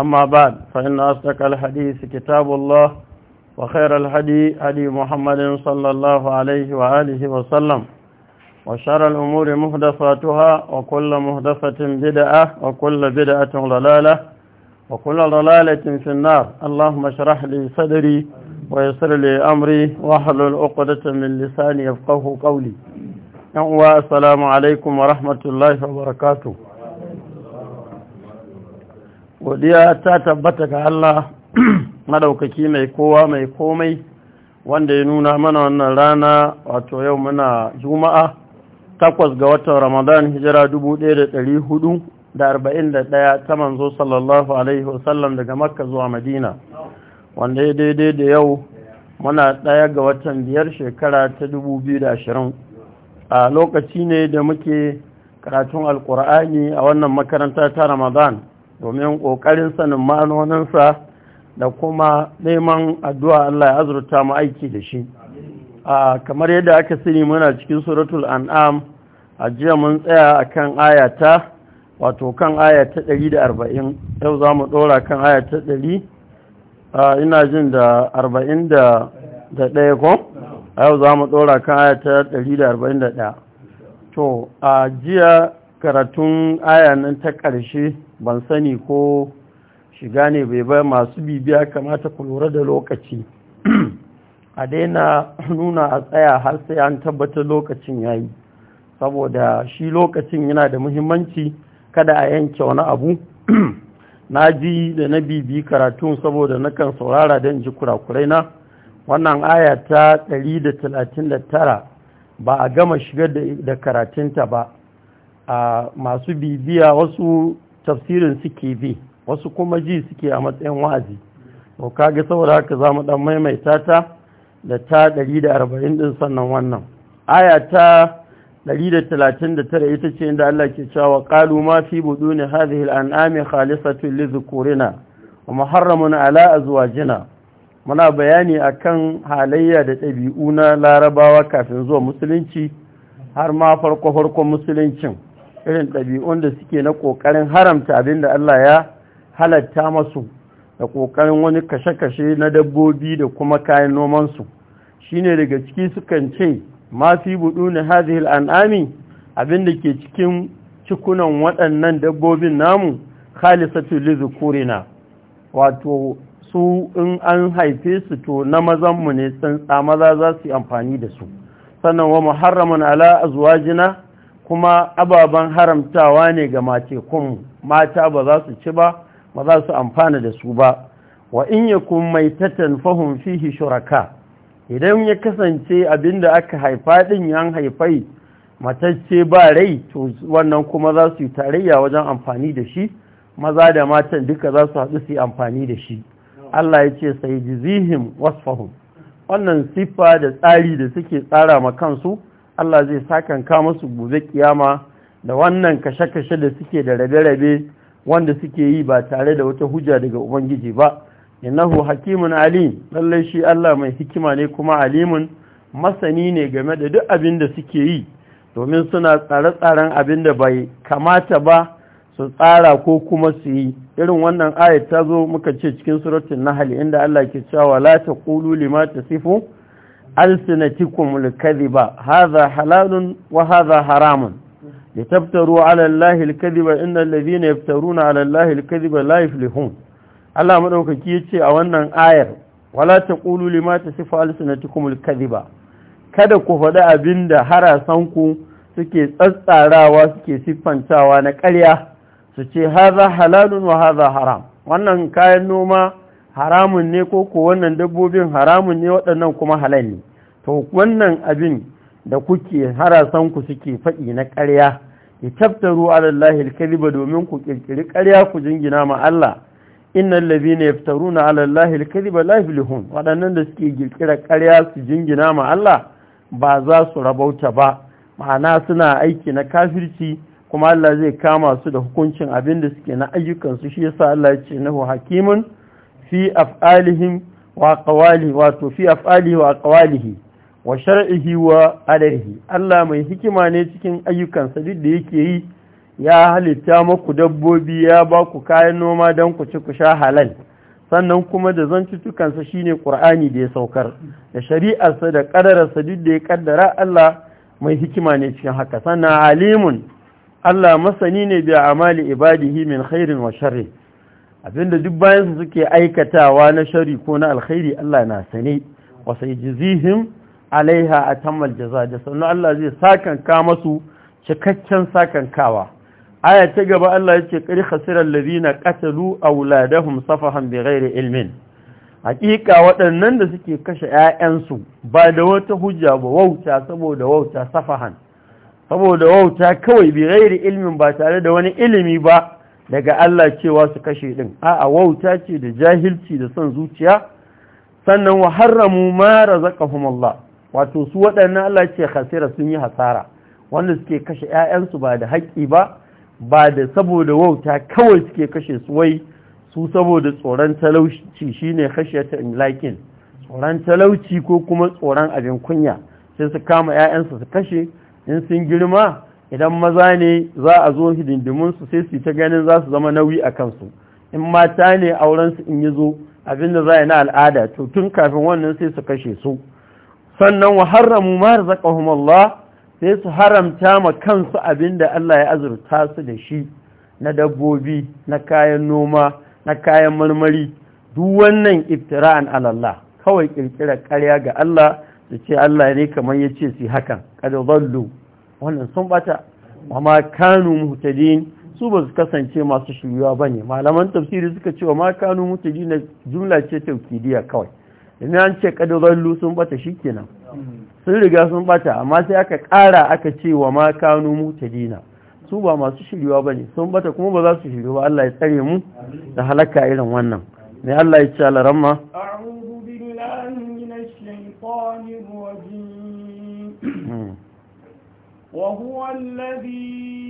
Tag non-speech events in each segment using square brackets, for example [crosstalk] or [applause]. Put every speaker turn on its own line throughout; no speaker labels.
أما بعد فإن أصدق الحديث كتاب الله وخير الهدي هدي محمد صلى الله عليه وآله وسلم وشر الأمور مهدفاتها وكل مهدفة بدعة وكل بدعة ضلالة وكل ضلالة في النار اللهم اشرح لي صدري ويسر لي أمري واحلل عقدة من لساني يفقه قولي السلام عليكم ورحمة الله وبركاته godiya ta tabbata ga Allah [clears throat] madaukaki mai kowa mai komai wanda ya nuna mana wannan rana wato yau muna juma'a takwas ga watan ramadan hijira ɗaya ta manzo sallallahu alaihi wasallam daga makka zuwa madina wanda ya daidai da yau muna ɗaya ga watan biyar shekara ta ashirin. a lokaci ne da muke karatun alkur'ani a wannan makaranta ta ramadan domin ƙoƙarin sanin manoninsa da kuma neman addu'a Allah ya azurta mu aiki da shi kamar yadda aka sani muna cikin suratul an'am a jiya mun tsaya a kan ayata wato kan ayata 140 yau za mu ɗora kan ayata 100 ina jin da arba'in da ɗaya ko yau za mu ɗora kan ayata 141 to a jiya karatun aya ta ƙarshe ban sani ko shiga ne bai bai masu bibiya kamata ku lura da lokaci a daina nuna a tsaya har sai an tabbatar lokacin ya yi saboda shi lokacin yana da muhimmanci kada a yanke wani abu [clears throat] na ji da na bibi karatun saboda na kan saurara don ji kurakurai na wannan aya ta 139 ba a gama shigar da karatunta ba a masu bibiya wasu tafsirin suke bi wasu kuma ji suke a matsayin wa'azi to kage saboda haka zamu dan maimaita ta da ta 140 din sannan wannan aya ta 139 ita ce inda Allah ke cewa qalu ma fi buduni hadhihi al-an'ami khalisatu li dhukurina wa muharramun ala azwajina muna bayani akan halayya da ɗabi'u na larabawa kafin zuwa musulunci har ma farko-farkon musuluncin irin ɗabi'un da suke na ƙoƙarin haramta abin da Allah ya halatta masu da ƙoƙarin wani kashe-kashe na dabbobi da kuma kayan nomansu shi ne daga ciki sukan ce mafi buɗu na hazihil an'ami abin da ke cikin cikunan waɗannan dabbobin namu khalisatu lizukurina wato su in an haife su to na mazanmu ne tsantsa maza za su yi amfani da su sannan wa muharraman ala azwajina kuma ababen haramtawa ne ga mace kun mata ba za su ci ba ba za su amfana da su ba wa in yakun maitatan fahum fihi shuraka idan ya kasance abinda aka haifa din yan haifai matacce ba rai to wannan kuma za su yi tarayya wajen amfani da shi maza da matan duka za su haɗu su yi amfani da shi Allah ya ce sai jizihim wasfahum wannan siffa da tsari da suke tsara ma kansu Allah zai sakanka su gobe kiyama da wannan kashe-kashe da suke da rabe-rabe wanda suke yi ba tare da wata hujja daga ubangiji ba innahu hakimun alim lallai shi Allah mai hikima ne kuma alimun masani ne game da duk abin da suke yi domin suna tsare-tsaren abin da bai kamata ba su tsara ko kuma su yi irin wannan ayat ta zo muka ce cikin suratul nahl inda Allah ke cewa la kulu lima tasifu alsinatikumul kadhiba hadha halalun wa hadha haramun litabtaru ala allahi alkadhiba inna alladhina yabtaruna ala allahi alkadhiba la yuflihun Allah madaukaki yace a wannan ayar wala taqulu lima tasifu alsinatikumul kadhiba kada ku fada abinda harasan ku suke tsatsarawa suke siffantawa na karya su ce hadha halalun wa hadha haram wannan kayan noma haramun ne ko ko wannan dabbobin haramun ne waɗannan kuma halal ne to wannan abin da kuke harasan ku suke faɗi na ƙarya ya tabtaru alallahi alkaliba domin ku kirkiri ƙarya ku jingina ma Allah innal ladhina yaftaruna alallahi alkaliba la yuflihun waɗannan da suke kirkira ƙarya su jingina ma Allah ba za su rabauta ba ma'ana suna aiki na kafirci kuma Allah zai kama su da hukuncin abin da suke na ayyukansu shi yasa Allah ya ce nahu hakimun fi af'alihim wa qawalihi wato fi af'alihi wa qawalihi wa shar'ihi wa adarihi Allah mai hikima ne cikin ayyukansa duk da yake yi ya halitta muku dabbobi ya ba ku kayan noma dan ku ci ku sha halal sannan kuma da zantutukansa shine Qur'ani da ya saukar da shari'arsa da ƙadararsa duk da ya kaddara Allah mai hikima ne cikin haka sannan alimun Allah masani ne bi amali ibadihi min khairin wa sharri abinda duk bayan su suke aikatawa na shari ko na alkhairi Allah na sane wa jizihim alaiha atammal jaza da Sannu Allah zai sakanka masu cikakken sakankawa aya ta gaba Allah yake qad khasira alladhina qatalu wuladahun safahan bighairi ilmin hakika waɗannan da suke kashe 'ya'yansu, ba da wata hujja ba wauta saboda wauta safahan saboda wauta kawai bighairi ilmin ba tare da wani ilimi ba daga Allah cewa su kashe din a'a wauta ce da jahilci da son zuciya sannan wa harramu ma razaqahum Allah wato su waɗannan Allah ce hasira sun yi hasara wanda suke kashe 'yayansu ba da haƙƙi ba ba da saboda wauta kawai suke kashe su wai su saboda tsoron talauci shine ta imlakin tsoron talauci ko kuma tsoron abin kunya sai su kama 'ya'yansu su kashe in sun girma idan maza ne za a zo hidindiminsu sai su ta ganin za su zama nauyi a kansu in mata ne aurensu in yi zo abinda za a yi na al'ada to tun kafin wannan sai su kashe su sannan wa haramu ma razaqahum Allah sai su haramta ma kansu abinda Allah ya azurta su da shi na dabbobi na kayan noma na kayan marmari duk wannan iftira'an alallah kawai ƙirƙirar ƙarya ga Allah su ce Allah ne kamar yace su hakan kada zallu wannan sun bata amma kanu muhtadin su ba su kasance masu shuyuwa ba ne malaman tafsiri suka wa ma kanu muhtadin jumla ce taukidiya kawai idan an ce kadarallu sun bata kenan sun riga sun bata amma sai aka kara aka ce wa ma kanu muhtadina su ba masu shiryuwa ba ne sun bata kuma ba za su ba. Allah ya tsare mu da halaka irin wannan ne Allah ya ce alaramma
a'udhu billahi minash shaitanir rajim وهو الذي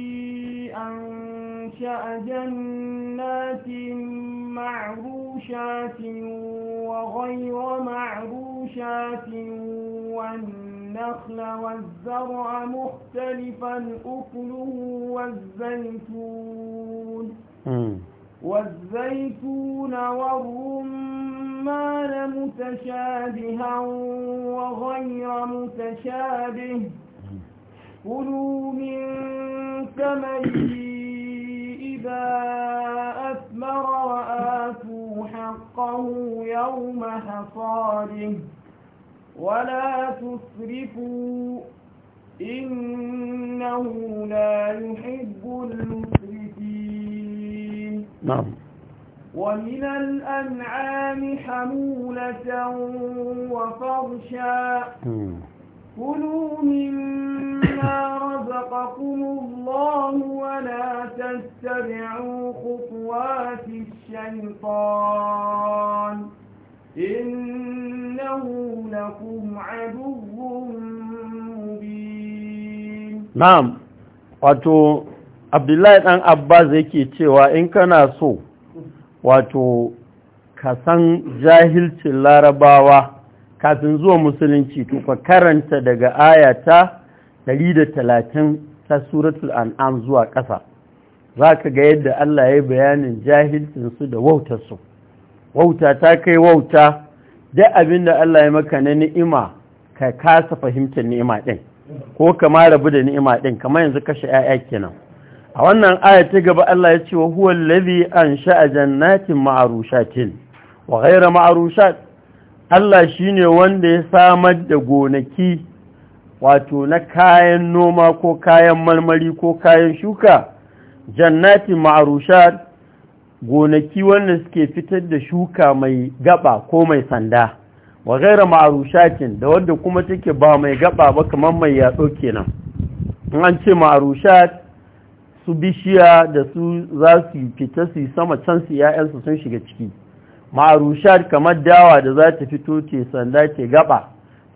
أنشأ جنات معروشات وغير معروشات والنخل والزرع مختلفا أكله والزيتون والزيتون والرمان متشابها وغير متشابه كلوا من ثمره إذا أثمر وآتوا حقه يوم حصاده ولا تسرفوا إنه لا يحب المسرفين نعم ومن الأنعام حمولة وفرشا كلوا مما رزقكم الله ولا تتبعوا خطوات الشيطان إنه لكم عدو
مبين نعم wato abdullahi dan abbas yake cewa in kana so wato ka san jahilcin larabawa kafin zuwa musulunci to ka karanta daga ayata 130 ta suratul an'am zuwa ƙasa za ka ga yadda Allah ya bayanin jahilcinsu da wautarsu wauta ta kai wauta duk abin da Allah ya maka na ni'ima ka kasa fahimtar ni'ima ɗin ko ma rabu da ni'ima ɗin kamar yanzu kashe 'ya'ya kenan a wannan aya ta gaba Allah ya ce wa huwa allazi ansha'a jannatin ma'arushatin wa ghayra ma'arushat Allah shi ne wanda ya samar da gonaki wato na kayan noma ko kayan marmari ko kayan shuka jannati ma'arushar gonaki wanda suke fitar da shuka mai gaba ko mai sanda wa gaira ma'arushakin da wadda kuma take ba mai gaba ba kamar mai yatso kenan in an ce ma'arushat su bishiya da su za su fita su yi sama can su 'ya'yansu sun shiga ciki marushat kamar dawa da za ta fito ce sanda ce gaba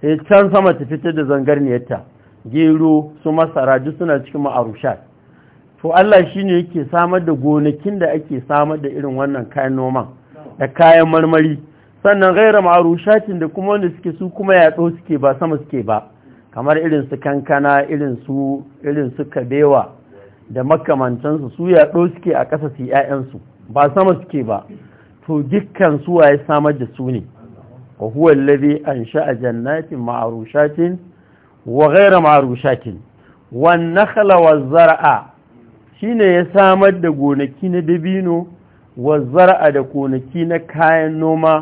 sai can sama ta fito da zangarniyarta gero su masara duk suna cikin marushat to Allah shine yake samar da gonakin da ake samar da irin wannan kayan noman da kayan marmari sannan gaira marushatin da kuma wanda suke su kuma yatsu suke ba sama suke ba kamar irin su kankana irin su irin su kabewa da makamantansu su yaɗo suke a ƙasa su 'ya'yansu ba sama suke ba to dukkan suwa ya samar da su ne wa huwa allazi ansha'a jannatin ma'rushatin wa ghayra ma'rushatin wan nakhla waz zar'a shine ya samar da gonaki na dabino waz zar'a da gonaki na kayan noma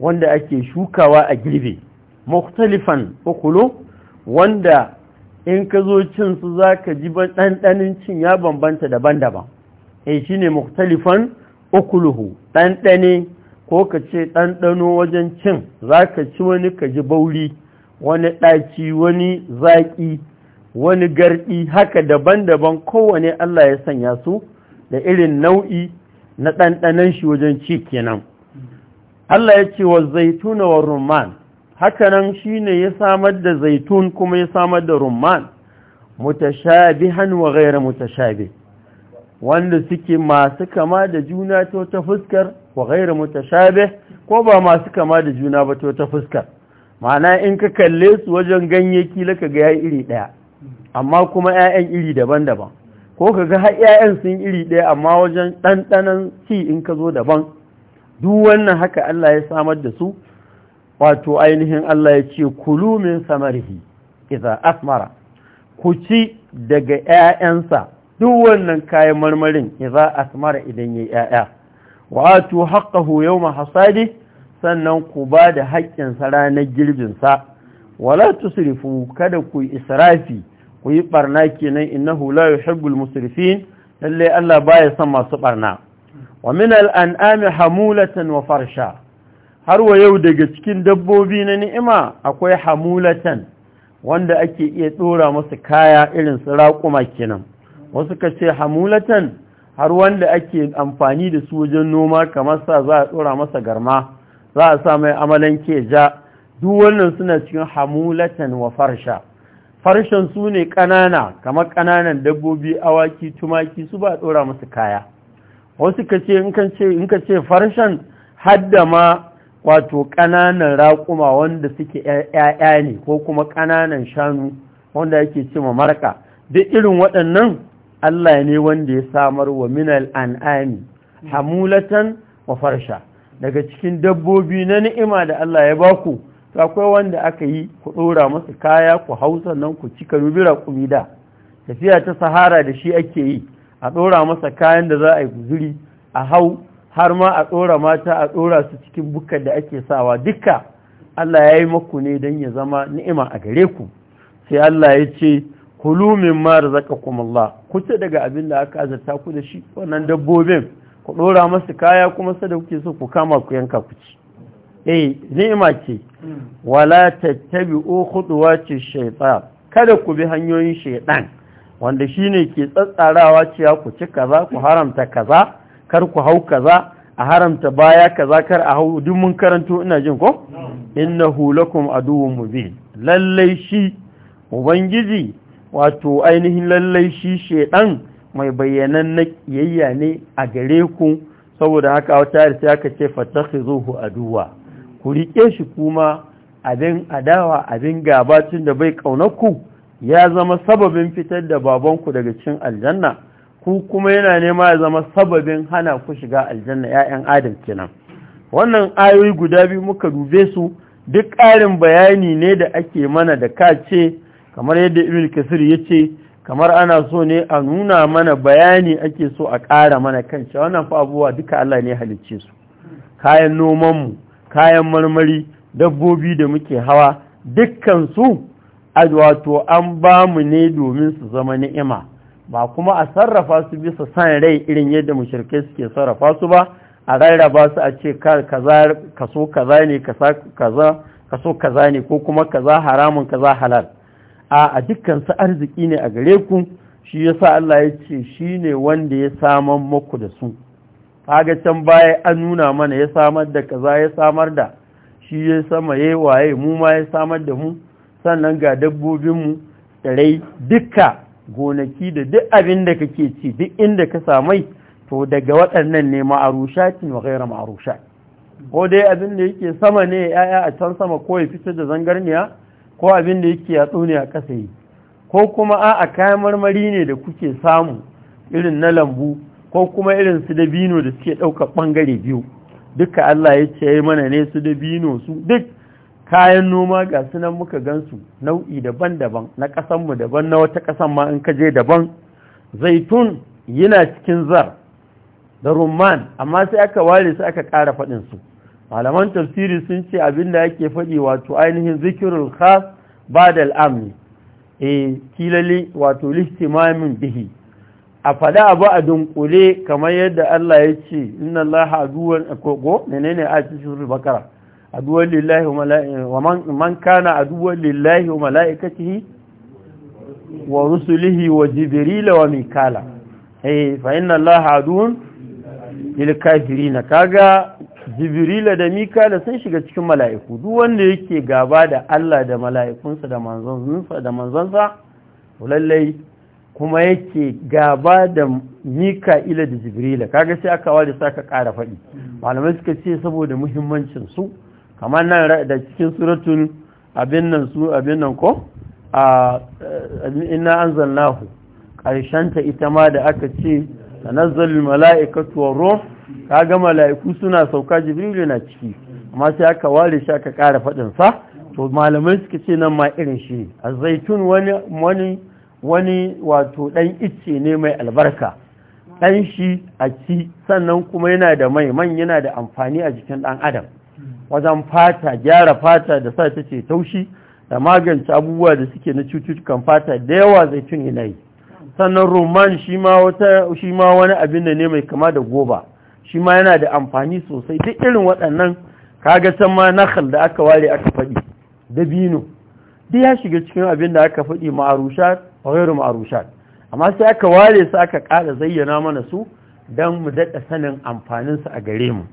wanda ake shukawa a girbi mukhtalifan ukulu wanda in ka zo cin su zaka ji ɗanɗanin cin ya bambanta daban-daban eh shine mukhtalifan ukuluhu ɗanɗane ko ka ce ɗanɗano wajen cin za ka ci wani ka ji bauri wani ɗaki wani zaƙi wani garɗi haka daban-daban kowane Allah ya sanya su da irin nau'i na ɗanɗanan shi wajen ci kenan Allah ya ce wa zaituna wa rumman hakanan shi ne ya samar da zaitun kuma ya samar da rumman mutashabihan wa gaira mutashabih wanda suke masu kama da juna to ta fuskar wa ghairu mutashabih ko ba masu kama da juna ba to ta fuskar ma'ana in ka kalle su wajen ganyeki laka ga yayi iri daya amma kuma ƴaƴan iri daban-daban ko ka ga har ƴaƴan sun iri daya amma wajen ɗanɗanan ci in ka zo daban duk wannan haka Allah ya samar da su wato ainihin Allah ya ce kulu min samarihi idza asmara ku ci daga ƴaƴansa duk wannan kayan marmarin za a asmara idan yayi yaya wa haƙa yau yawma hasadi sannan ku ba da haƙƙin saranar ranar girbin sa wala kada ku yi israfi ku yi barna kenan hula ya yuhibbul musrifin lallai Allah ba ya son masu ɓarna. wa min al'an'ami hamulatan wa farsha har wa yau daga cikin dabbobi na ni'ima akwai hamulatan wanda ake iya ɗora masu kaya irin su raƙuma kenan wasu ka ce hamulatan har wanda ake amfani da su wajen noma kamar sa za a tsora masa garma za a sa mai amalan ja duk wannan suna cikin hamulatan wa farsha farshen su ne ƙanana kamar ƙananan dabbobi awaki tumaki su ba a tsora masu kaya wasu ka ce in ka ce farshen hadda ma wato ƙananan raƙuma wanda suke ƴaƴa ne ko kuma ƙananan shanu wanda yake ce ma marka duk irin waɗannan Allah ne wanda ya samar wa minal an'ami hamulatan wa farsha daga cikin dabbobi na ni'ima da Allah ya baku akwai wanda aka yi ku tsora masa kaya ku hausa nan ku cika rubira kumida tafiya ta sahara da shi ake yi a dora masa kayan da za a yi guzuri a hau har ma a tsora mata a dora su cikin bukkar da ake sawa duka Allah ya yi maku ne don ya zama ni'ima a gare ku sai Allah ya ce kulu min ma razaqakum Allah kusa daga abin da aka azarta ku da shi wannan dabbobin ku ɗora masu kaya kuma sada kuke so ku kama ku yanka ku ci eh ni'ima ce wala tattabi'u ce shaytan kada ku bi hanyoyin shaytan wanda shine ke tsatsarawa cewa ku ci kaza ku haramta kaza kar ku hau kaza a haramta baya kaza kar a hau duk mun karanto ina jin ko innahu lakum aduwwun mubin lallai shi ubangiji wato ainihin lallai shi shedan mai bayyanan na kiyayya ne a gare ku saboda haka wata da sai aka ce fatakhizuhu aduwa ku rike shi kuma abin adawa abin gaba tun da bai ku ya zama sababin fitar da babanku daga cikin aljanna ku kuma yana nema ya zama sababin hana ku shiga aljanna 'yayan adam kenan wannan ayoyi guda biyu muka dube su duk ƙarin bayani ne da ake mana da ka ce kamar yadda ibn kasir ya ce kamar ana so ne a nuna mana bayani ake so a ƙara mana kanci wannan fa abubuwa duka Allah ne halicce su kayan nomanmu kayan marmari dabbobi da muke hawa dukkan su wato an ba mu ne domin su zama ni'ima ba kuma a sarrafa su bisa san rai irin yadda mushrikai suke sarrafa su ba a rarraba su a ce kaso kaza ne kaso kaza ne ko kuma kaza haramun kaza halal a dukkan arziki ne a gare ku shi yasa Allah ya ce shi ne wanda ya saman muku da su kaga can baya an nuna mana ya samar da kaza ya samar da shi ya sama yayi waye mu ma ya samar da mu sannan ga dabbobin mu tsirai duka gonaki da duk abin da kake ci duk inda ka samai to daga waɗannan ne ma'arushatin wa ghayra ma'arushat ko dai abin da yake sama ne ya'ya a can sama ko ya fitar da zangarniya ko abin da yake yatsu ne a ƙasa yi ko kuma a kayan marmari ne da kuke samu irin na lambu ko kuma irin su dabino da suke ɗaukar ɓangare biyu duka Allah ya ce mana ne su dabino su duk kayan noma ga sunan muka gansu nau'i daban-daban na ƙasanmu daban na wata ƙasan ma in ka je daban zaitun yana cikin zar da rumman amma sai aka ware su aka ƙara faɗinsu malaman tafsiri sun ce abin da ake faɗi wato ainihin zikirul khas Badal Amni. e eh, kilali wato listimamin bihi a fada abu a dunkule kamar yadda Allah ya ce inna Allah aduwan agogo menene a cikin bakara aduwan lillahi wa man kana aduwan lillahi wa mala'ikatihi wa rusulihi wa jibril wa mikala eh fa inna Allah aduwan lil kafirin kaga jibrila da mikala sun shiga cikin mala'iku duk wanda yake gaba da Allah da mala'ikunsa da manzansa da manzansa lallai kuma yake gaba da ila da jibrila kaga sai aka ware sa ka ƙara faɗi malamai suka ce saboda muhimmancin su kamar nan da cikin suratun abin nan su abin nan ko a eh, inna anzalnahu ƙarshenta ita ma da aka ce tanazzalul mala'ikatu war Ka ga mala'iku suna sauka jibril na ciki amma sai aka ware shi aka kara faɗin sa to malamai suka ce nan ma irin shi ne azaitun wani wani wani wato dan icce ne mai albarka dan shi a ci sannan kuma yana da mai man yana da amfani a jikin dan adam wajen fata gyara fata da sa ta ce taushi da magance abubuwa da suke na cututtukan fata da yawa zaitun yana yi sannan Roman shi ma wani abin da ne mai kama da goba shi ma yana da amfani sosai duk irin waɗannan kaga can ma nakal da aka ware aka faɗi dabino duk ya shiga cikin abin da aka faɗi ma'arushat wayar ma'arushat amma sai aka ware su aka ƙara zayyana mana su don mu daɗa sanin amfaninsu a gare mu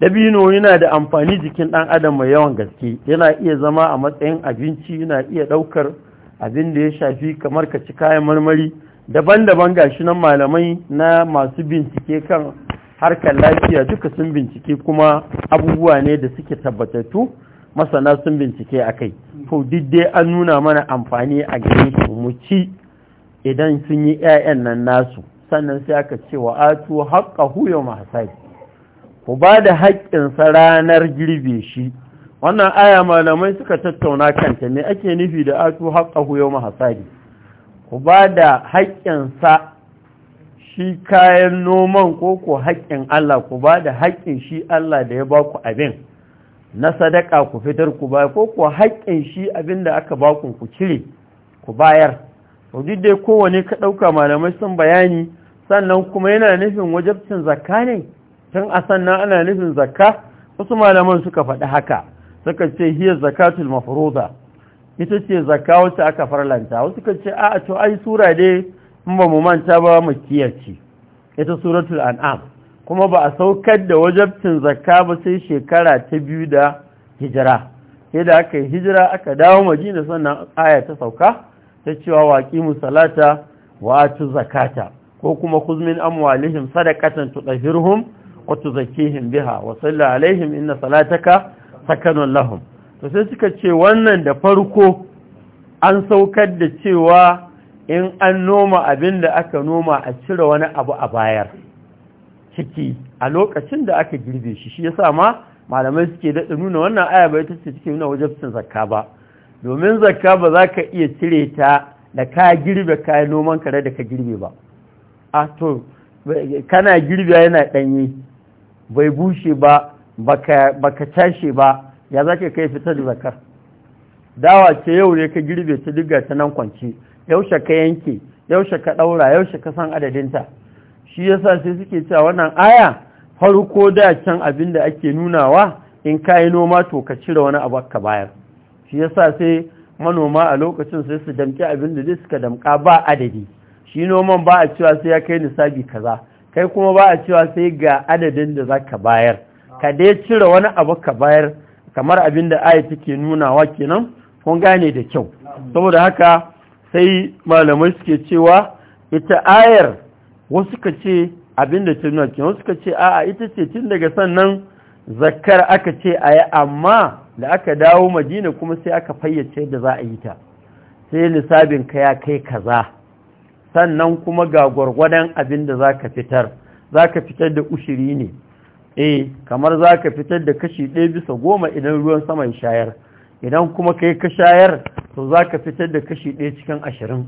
dabino yana da amfani jikin ɗan adam mai yawan gaske yana iya zama a matsayin abinci yana iya ɗaukar abin da ya shafi kamar ka ci kayan marmari daban-daban gashi nan malamai na masu bincike kan harkar lafiya duka sun bincike kuma abubuwa ne da suke tabbatattu masana sun bincike a kai to dai an nuna mana amfani a gare su mu ci idan sun yi 'ya'yan nan nasu sannan sai aka ce wa atu huyo masu mahasai ku ba da haƙƙinsa ranar girbe shi wannan aya malamai suka tattauna kanta ne. ake nufi da atu haqqahu yawma mahasari. ku ba da haƙƙinsa shi kayan noman ko ku haƙƙin Allah ku ba da haƙƙin shi Allah da ya ba ku abin na sadaka ku fitar ku ba ko ku haƙƙin shi abin da aka ba ku ku cire ku bayar to duk dai kowane ka ɗauka malamai sun bayani sannan kuma yana nufin wajabcin zakka ne tun a sannan ana nufin zakka wasu malaman suka faɗi haka suka ce hiya zakatul mafruda ita ce zakka wacce aka farlanta wasu suka ce a to ai sura dai in ba mu manta ba mu kiyace ita suratul an'am kuma ba a saukar da wajabcin zakka ba sai shekara ta biyu da hijira sai da aka yi hijira aka dawo madina sannan aya ta sauka ta cewa mu salata wa atu zakata ko kuma kuzmin amwalihim sadaqatan tudahhiruhum wa tuzakkihim biha wa salli alaihim inna salataka sakanon lahum to sai suka ce wannan da farko an saukar da cewa in an noma abin da aka noma a cire wani abu a bayar ciki a lokacin da aka girbe shi shi yasa ma malamai suke daɗa nuna wannan aya bai ta ce take nuna wajabcin zakka ba domin zakka ba za ka iya cire ta da ka girbe ka yi noman kare da ka girbe ba a to kana girbe yana ɗanye bai bushe ba baka tashi ba ya za ka kai fitar zakar dawa ce yau ne ka girbe ta diga ta nan kwanci yaushe ka yanke yaushe ka ɗaura yaushe ka san adadinta shi yasa sai suke cewa wannan aya farko da can abin da ake nunawa in ka yi noma to ka cire wani abu ka bayar shi yasa sai manoma a lokacin sai su damƙi abin da dai suka damƙa ba adadi shi noman ba a cewa sai ya kai nisabi kaza kai kuma ba a cewa sai ga adadin da za ka bayar ka dai cire wani abu ka bayar kamar abin da aya take nunawa kenan kun gane da kyau saboda haka sai malamai suke cewa ita ayar wasu ka ce abin da ta nuna kenan wasu ce a'a ita ce tun daga sannan zakkar aka ce a amma da aka dawo madina kuma sai aka fayyace da za a yi ta sai lissabin ka ya kai kaza sannan kuma ga gwargwadon abin da za ka fitar za ka fitar da ushiri ne eh kamar za ka fitar da kashi ɗaya bisa goma idan ruwan saman shayar idan kuma ka ka shayar to za ka fitar da kashi ɗaya cikin ashirin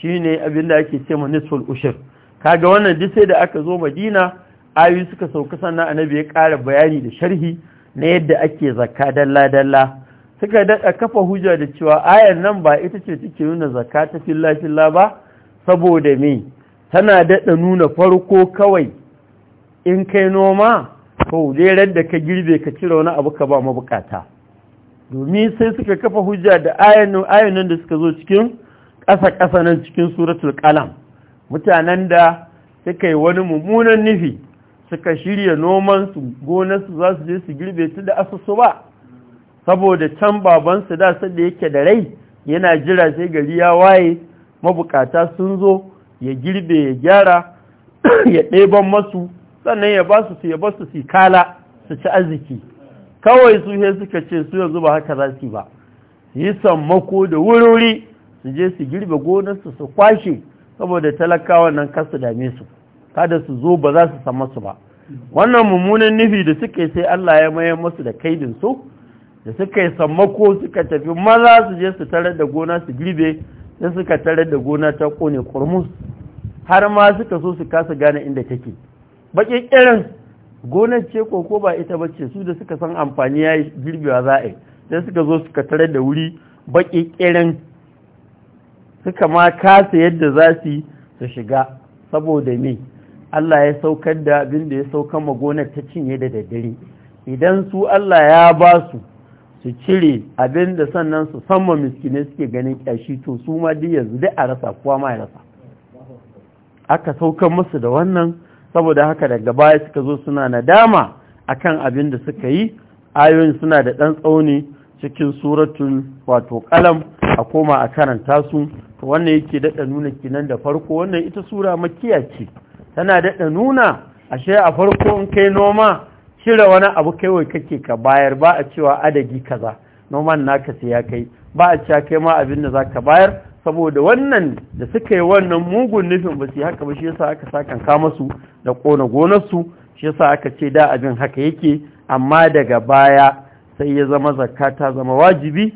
shi ne abin da ake ce manisful ushir kaga wannan duk sai da aka zo madina ayu suka sauka sannan annabi ya ƙara bayani da sharhi na yadda ake zakka dalla dalla suka daɗa kafa hujja da cewa ayar nan ba ita ce take nuna zakka ta filla filla ba saboda me tana daɗa nuna farko kawai in kai noma ko jerar da ka girbe ka cire wani abu ka ba mabukata domin sai suka kafa hujja da ayanin da suka zo cikin ƙasa-ƙasa nan cikin suratul kalam mutanen da suka yi wani mummunan nufi suka shirya noman su gonarsu za su je su girbe su da asusu ba saboda can babansu da da yake da rai yana jira sai gari ya waye mabukata sun zo ya girbe ya gyara [coughs] ya ɗeban masu sannan ya ba su su ya ba su su kala su ci arziki kawai su he suka ce su yanzu ba haka za su ba yi sammako da wurori su je su girbe gonarsu su kwashe saboda talakawa nan kasu dame su kada su zo ba za su samu su ba wannan mummunan nufi da suka sai Allah ya maye musu da kaidin su da suka yi sammako suka tafi maza su je su tarar da gona su girbe sai suka tarar da gona ta kone kurmus har ma suka so su kasa gane inda take baƙi irin gonar ce ko ba ita bace su da suka san amfani ya yi girbewa za a yi sai suka zo suka tare da wuri baƙi irin suka ma kasa yadda za su su shiga saboda me Allah ya saukar da abin da ya sauka ma gonar ta cinye da daddare idan su Allah ya ba su su cire abin da sannan su sama miskinai suke ganin ƙyashi to su ma duk yanzu duk a rasa kowa ma ya rasa aka saukar musu da wannan saboda haka daga baya suka zo suna nadama a kan abin da suka yi ayoyin suna da ɗan tsauni cikin suratun wato kalam a koma a karanta su to wannan yake daɗa nuna kinan da farko wannan ita sura makiya ce tana daɗa nuna ashe a farko in kai noma cire wani abu kaiwai kake ka bayar ba a cewa adadi kaza noman naka sai ya kai ba a cewa kai ma abin da za ka bayar saboda wannan da suka yi wannan mugun nufin ba su haka ba shi yasa aka sakan kama su da kona gonarsu shi yasa aka ce da abin haka yake amma daga baya sai ya zama zakka ta zama wajibi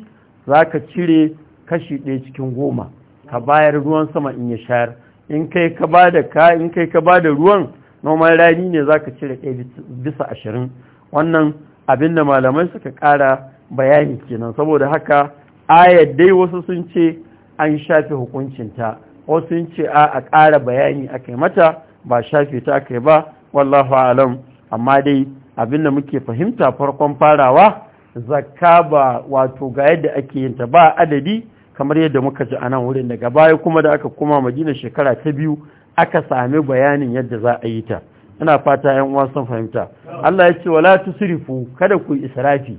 za ka cire kashi ɗaya cikin goma ka bayar ruwan sama in ya shayar in kai ka ba da ka in kai ka ba da ruwan noman rani ne za ka cire ɗaya bisa ashirin wannan abin da malamai suka ƙara bayani kenan saboda haka ayar dai wasu sun ce an shafe hukuncinta wasu ce a a ƙara bayani a mata ba shafe ta kai ba wallahu alam amma dai abinda muke fahimta farkon farawa zakka ba wato ga yadda ake yin ta ba adadi kamar yadda muka ji a nan wurin daga baya kuma da aka koma madina shekara ta biyu aka sami bayanin yadda za a yi ta ina fata yan uwa sun fahimta Allah ya ce wala tusrifu kada ku israfi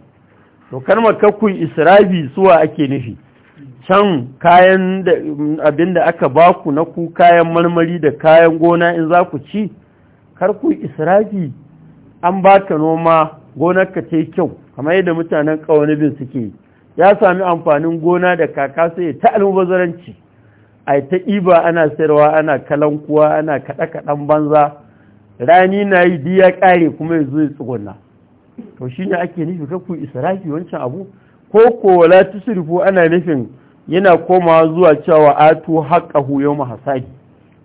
to kalmar ka ku israfi suwa ake nufi can kayan abin da aka ba ku na ku kayan marmari da kayan gona in za ku ci kar ku israfi an baka noma gonarka ta yi kyau kamar yadda mutanen ƙawani bin suke ya sami amfanin gona da kaka sai ta almubazaranci a ta ɗiba ana sayarwa ana kalankuwa ana kaɗe-kaɗen banza rani na yi diya ƙare kuma yanzu ya tsugunna to shi ne ake nufi kakku israfi wancan abu ko ko wala tusurifu ana nufin yana komawa zuwa cewa atu huyo yawma mahasaki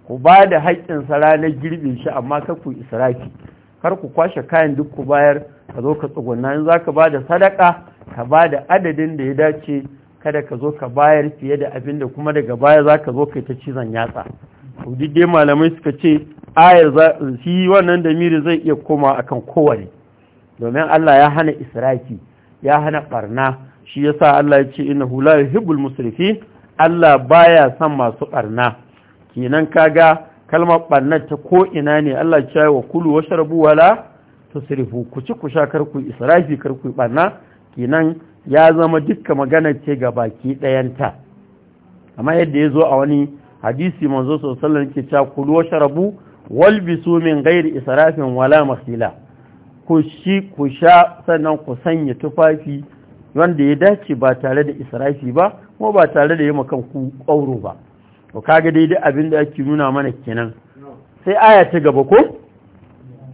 ku ba da haƙƙin sa ranar girbin shi amma ka ku israfi kar ku kwashe kayan duk ku bayar ka zo ka tsugunna in ka ba da sadaka ka ba da adadin da ya dace kada ka zo ka bayar fiye da abin da kuma daga baya za ka zo kai ta cizon yatsa to duk dai malamai suka ce ayar shi wannan damiri zai iya koma akan kowane domin Allah ya hana israfi ya hana barna shi yasa Allah ya ce innahu la yuhibbul musrifin Allah baya son masu barna kenan kaga kalmar barnar ta ko ina ne Allah ya ce wa kulu washrabu wala tusrifu ku ci ku sha kar ku israfi kar ku barna kenan ya zama dukkan magana ce ga baki ɗayanta. amma yadda ya zo a wani hadisi manzo sallallahu alaihi wasallam Kulu cewa kulu washrabu walbisu min gairi israfin wala masila ku shi ku sha sannan ku sanya tufafi wanda ya dace ba tare da israfi ba ko ba tare da yi kan ku ƙauro ba to kaga daidai abin da ake nuna mana kenan sai aya ta gaba ko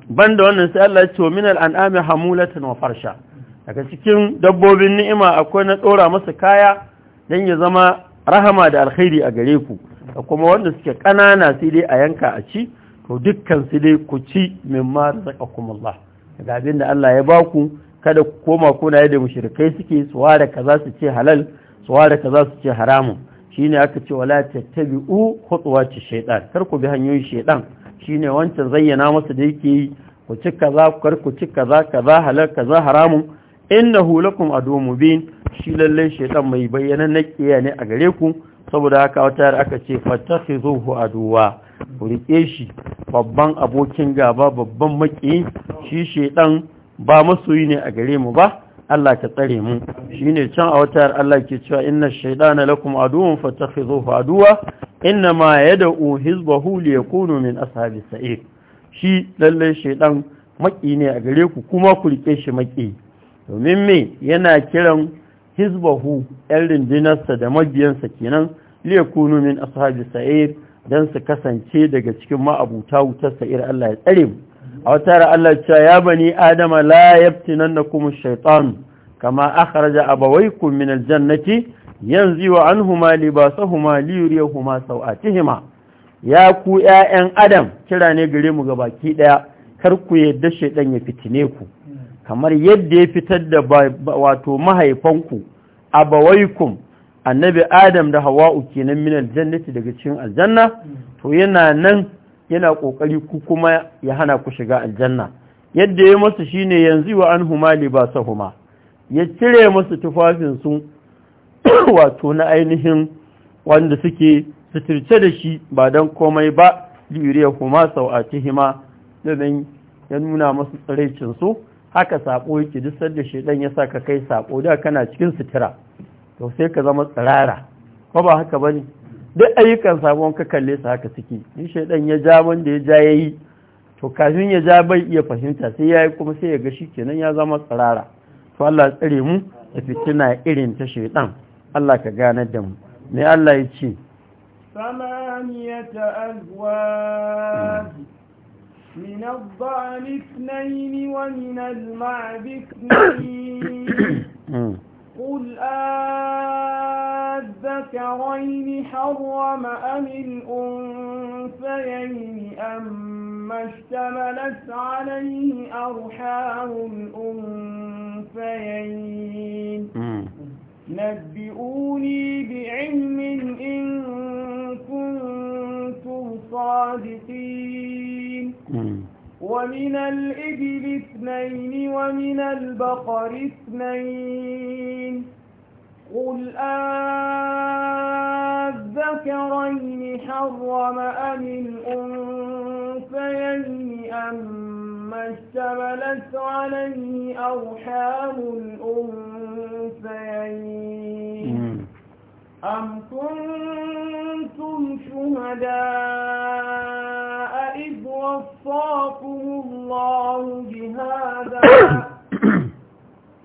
banda wannan sai Allah ya ce min al'anami hamulatan wa farsha daga cikin dabbobin ni'ima akwai na dora masa kaya dan ya zama rahama da alkhairi a gare ku da kuma wanda suke kanana sai dai a yanka a ci to dukkan su dai ku ci mimma razaqakum Allah daga abin da Allah ya baku kada ku koma kuna yadda mushrikai suke su ware kaza su ce halal su ware kaza su ce haramun shine aka ce wala tattabi'u khutuwati shaytan kar ku bi hanyoyin shaytan shine wancan zayyana masa da yake yi ku ci kaza kar ku ci kaza kaza halal kaza haramun innahu lakum adu mubin shi lallai shaytan mai bayyana na kiyaye ne a gare ku saboda haka wata da aka ce fattakhizuhu aduwa ku rike shi babban abokin gaba babban maki shi shaytan ba masoyi ne a gare mu ba Allah ka tsare mu Shi ne can a wata Allah ke cewa inna shaytana lakum aduwwun fattakhidhuhu aduwa inna ma yad'u hizbahu liyakunu min ashabis sa'ir shi lallai shaidan maƙi ne a gare ku kuma ku rike shi maƙi. domin me yana kiran hizbahu yan rindinarsa da mabiyansa kenan liyakunu min ashabis sa'ir dan su kasance daga cikin ma'abuta wutar sa'ir Allah ya tsare mu a wata ra Allah cewa ya bani adama la yaftinannakum ash Kamar kama akhraja abawaykum min al-jannati yanzu wa anhuma libasahuma liyuriyahuma sawatihima ya ku 'ya'yan adam kira ne gare mu baki ɗaya, kar ku yadda shaytan ya fitine ku kamar yadda ya fitar da wato mahaifanku abawaikum annabi adam da hawa'u kenan min jannati daga cikin aljanna to yana nan yana ƙoƙari ku kuma ya hana ku shiga aljanna yadda ya masu shi ne yanzu wa libasa huma ya cire masu tufafin sun [coughs] wato na ainihin wanda suke suturce da shi ba don komai ba huma sau kuma hima domin ya nuna masu tsiraicin haka saƙo yake da shi ɗan ya sa ka kai saƙo da kana cikin sutura to sai ka zama tsirara ko ba haka ba ne. duk ayyukan sabon ka kalle su haka suke in shaidan ya ja wanda ya ja yayi to kafin ya ja bai iya fahimta sai yayi kuma sai ya ga shi kenan ya zama tsarara to Allah tsare mu da fitina irin ta shaidan Allah ka gane da mu me Allah ya ce
ثمانية أزواج al الذكرين حرم أم الأنثيين أم اشتملت عليه أرحام الأنثيين نبئوني بعلم إن كنتم صادقين ومن الإبل اثنين ومن البقر اثنين قل أذكرين حرم أم الأنثيين أما اشتملت عليه أرحام الأنثيين أم كنتم شهداء إذ وصاكم الله بهذا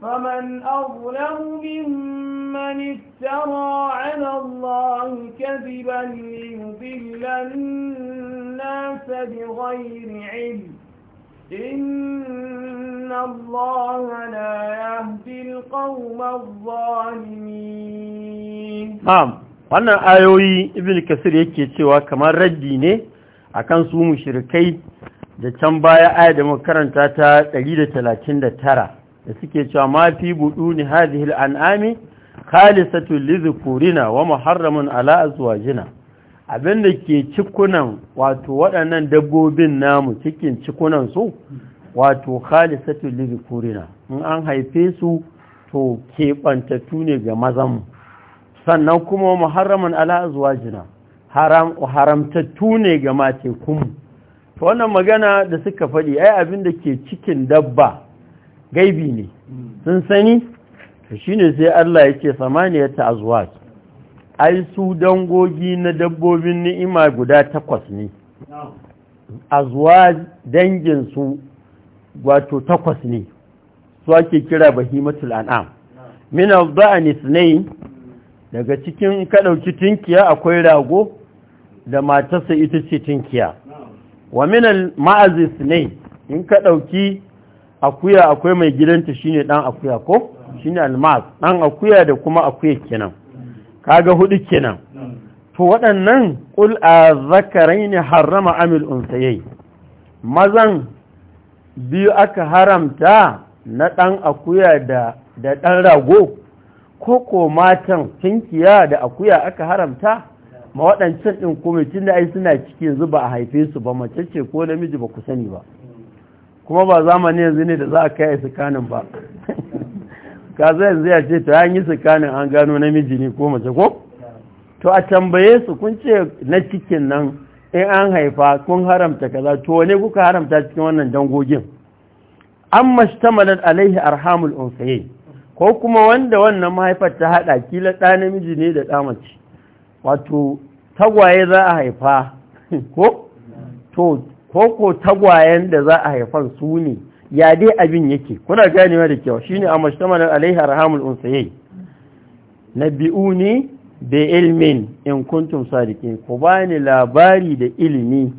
فمن أظلم ممن افترى على الله كذبا ليضل الناس بغير علم إن الله لا يهدي القوم الظالمين
نعم wannan ayoyi ibn kasir yake cewa kamar raddi ne akan su mushrikai da can baya aya da makaranta ta tara. da suke cewa ma fi buduni hadhihi an'ami khalisatu lizukurina wa muharramun ala azwajina abinda ke cikunan wato waɗannan dabbobin namu cikin cikunan su wato khalisatu lizukurina in an haife su to keɓantattu ne ga mazan sannan kuma muharramun ala azwajina haram haramtattu ne ga matekunmu to wannan magana da suka faɗi ai abin da ke cikin dabba gaibi ne sun sani shi ne sai Allah ya ce samaniyar ta azuwat ai su dangogi na dabbobin ni'ima guda takwas ne azuwat danginsu wato takwas ne su ake kira bahimatul an'am min al-da'ani sunayi daga cikin ka ɗauki tinkiya akwai rago da matarsa ita ce tinkiya wa min al-ma'azi sunayi in ka ɗauki? akuya akwai mai gidanta shine dan akuya ko shine almas dan akuya da kuma akuya kenan kaga hudu kenan to waɗannan qul ne harrama amil unsayai mazan biyu aka haramta na dan akuya da da rago ko ko matan tinkiya da akuya aka haramta ma waɗancan ɗin kuma tun da ai suna ciki yanzu ba a haife su ba mace ce ko namiji ba ku sani ba kuma ba zamani yanzu ne da za a kai tsakanin ba ka zai yanzu ya ce ta yi tsakanin an gano namiji ne ko mace ko to a tambaye su kun ce na cikin nan in an haifa kun haramta kaza to ne kuka haramta cikin wannan dangogin an mashtamalar alaihi arhamul unsaye ko kuma wanda wannan mahaifar ta haɗa kila ɗa namiji ne da ɗamace wato tagwaye za a haifa ko to ko ko tagwayen da za a haifan su ne ya dai abin yake kuna ganewa da kyau shine amashtamar alaihi Na unsayyi ne da ilmin in kuntum sadiqin ku bani labari da ilimi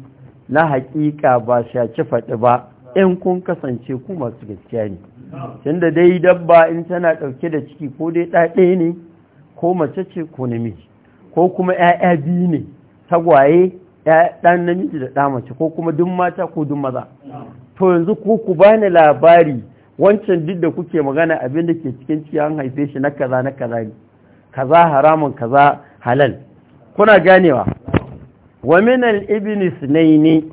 na haƙiƙa ba shaci faɗi ba in kun kasance ku masu gaskiya ne da dai dabba in tana ɗauke da ciki ko dai ɗaɗe ne ko mace ce ko namiji ko kuma ‘ya'ya biyu ne tagwaye ɗan namiji da ɗa mace ko kuma duk mata ko duk maza to yanzu ku ku bani labari wancan duk da kuke magana abin da ke cikin ciki an haife shi na kaza na kaza ne kaza haramun kaza halal kuna ganewa wa min al-ibn sunaini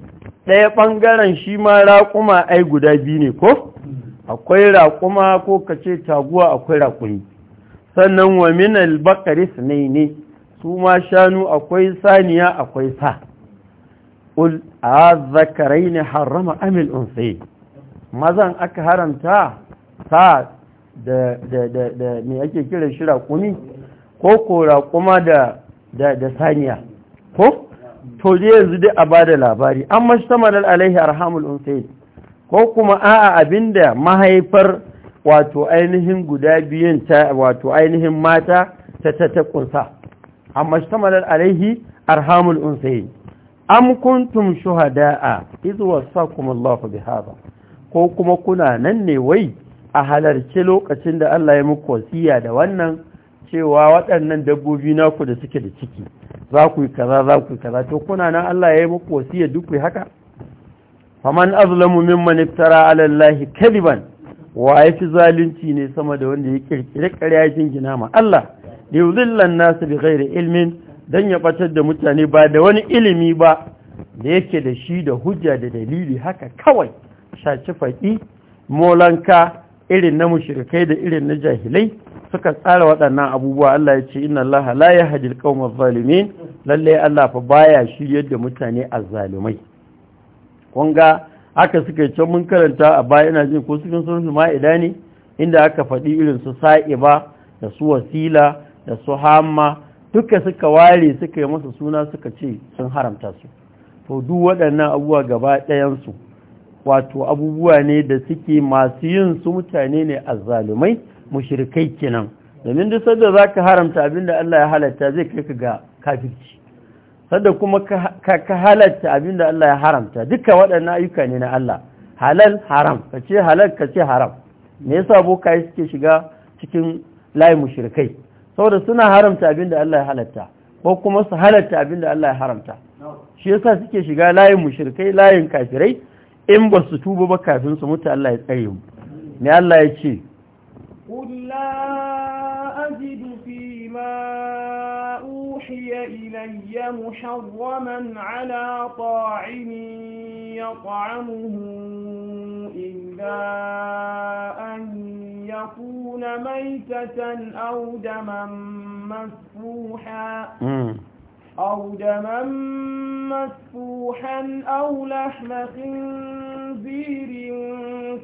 ɗaya ɓangaren shi ma raƙuma ai guda biyu ne ko akwai raƙuma ko ka ce taguwa akwai raƙumi sannan wa min al su ma shanu akwai saniya akwai sa ƙul zakarai ne harama amil unsi mazan aka haramta sa da ake kira shi raƙumi ko ko da saniya ko to yanzu dai a ba da labari an mashi samarar alaihi arhamul unsi ko kuma a'a abinda mahaifar wato ainihin guda biyun ta wato ainihin mata ta ta ta kunsa amma shtamalar alaihi arhamul unsayin am kuntum shuhada'a idh wasakum Allahu bihadha ko kuma kuna nan ne wai a halarci lokacin da Allah ya muku wasiya da wannan cewa waɗannan dabbobi naku da suke da ciki za ku yi kaza za ku yi kaza to kuna nan Allah ya yi muku wasiya duk ku haka faman azlamu mimman iftara ala Allah kadiban wa yafi zalunci ne sama da wanda ya kirkire ƙarya jingina ma Allah yuzillan yudilla nas bi ghairi ilmin don ya batar da mutane ba da wani ilimi ba da yake da shi da hujja da dalili haka kawai shaci faɗi molanka irin na mushrikai da irin na jahilai suka tsara waɗannan abubuwa Allah ya ce inna Allah la yahdil qaumal zalimin lalle Allah fa baya shiryar da mutane azzalumai kun ga haka suka ce mun karanta a baya ina jin ko cikin sunan ma'ida ne inda aka faɗi irin su sa'iba da su wasila da su hamma duka suka ware suka yi masa suna suka ce sun haramta su to duk waɗannan abubuwa gaba ɗayansu wato abubuwa ne da suke masu yin su mutane ne a azzalumai mushrikai kenan domin duk sadda za ka haramta abin da Allah ya halatta zai kai ka ga kafirci sadda kuma ka halatta abin da Allah ya haramta duka waɗannan ayyuka ne na Allah halal haram ka ce halal ka ce haram me yasa bokaye suke shiga cikin layin mushirikai? saboda suna haramta abinda Allah ya halatta ko kuma su halatta abinda Allah ya haramta shi yasa suke shiga layin mushrikai layin kafirai in ba su tuba ba kafin su mutu Allah ya tsare mu me Allah ya ce
قل لا أجد فيما أوحي إلي محرما على طاعم يطعمه إلا أن يكون ميتة أو دما مسفوحا أو دما مسفوحا أو لحم خنزير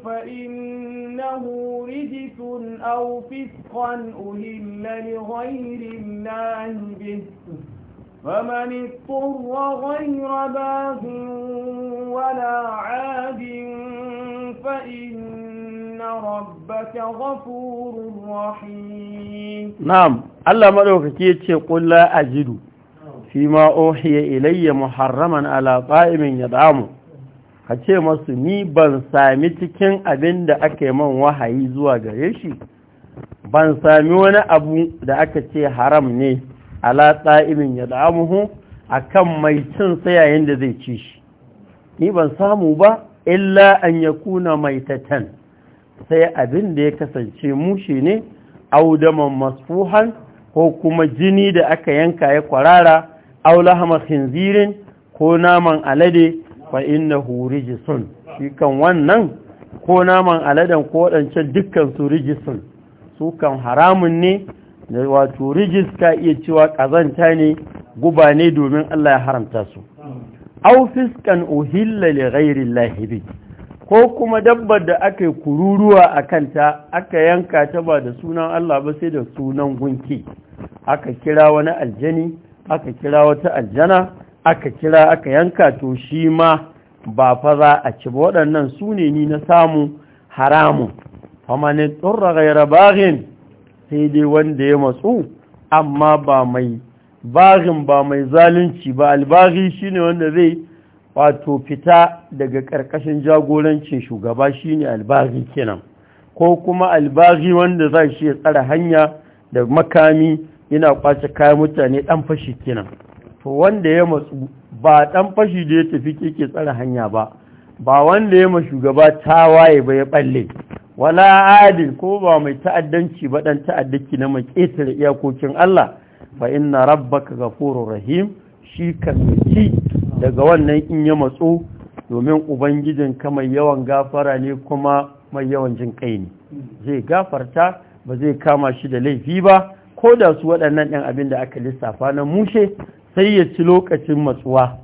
فإنه رجس أو فسقا أهل لغير الله به فمن اضطر غير باغ ولا عاد فإن
na'am allah maɗaukaki ce ƙulla a jidu shi ma أجد ya muharraman إلي محرما على طائم ka ce masu ni ban sami cikin abin da aka yi man wahayi zuwa gare shi ban sami wani abu da aka ce haram ne ala tsa'imin ya hu a kan mai cin sayayin da zai ci shi ni ban samu ba illa an yakuna kuna mai tattan. sai abin da ya kasance mushi ne audaman masfuhan ko kuma jini da aka yanka ya kwarara lahama khinzirin ko naman alade fa innahu rijsun shi kan wannan ko naman aladen ko wadancan dukkan su rijisun su kan haramun ne da wato rijis ka iya cewa kazanta ne guba ne domin Allah ya haramta su au fiskan uhilla li ghairi llahi ko kuma dabbar da aka yi kururuwa a kanta aka yanka ta ba da sunan Allah ba sai da sunan gunki aka kira wani aljani aka kira wata aljana aka kira aka yanka to shi ma ba fa za a ci waɗannan su ne ni na samu haramun famanin tsorra gaira bagin sai dai wanda ya matsu amma ba mai bagin ba mai zalunci ba shi ne wanda zai wato fita daga ƙarƙashin jagorancin shugaba shi ne albaghi kenan ko kuma albaghi wanda za shi ya tsara hanya da makami yana kwace kayan mutane ɗan fashi kenan to wanda ya matsu ba ɗan fashi da ya tafi keke tsara hanya ba ba wanda ya ma shugaba tawaye ba ya ɓalle. wala adil ko ba mai ta'addanci ba ɗan ta'addaki na mai ƙetare iyakokin Allah fa inna rabbaka ghafurur rahim shi kan ci daga wannan in ya matsu domin ubangijin ka mai yawan gafara ne kuma mai yawan jin kai ne zai gafarta ba zai kama shi da laifi ba ko da su waɗannan ɗan abin da aka lissafa na mushe sai ya ci lokacin matsuwa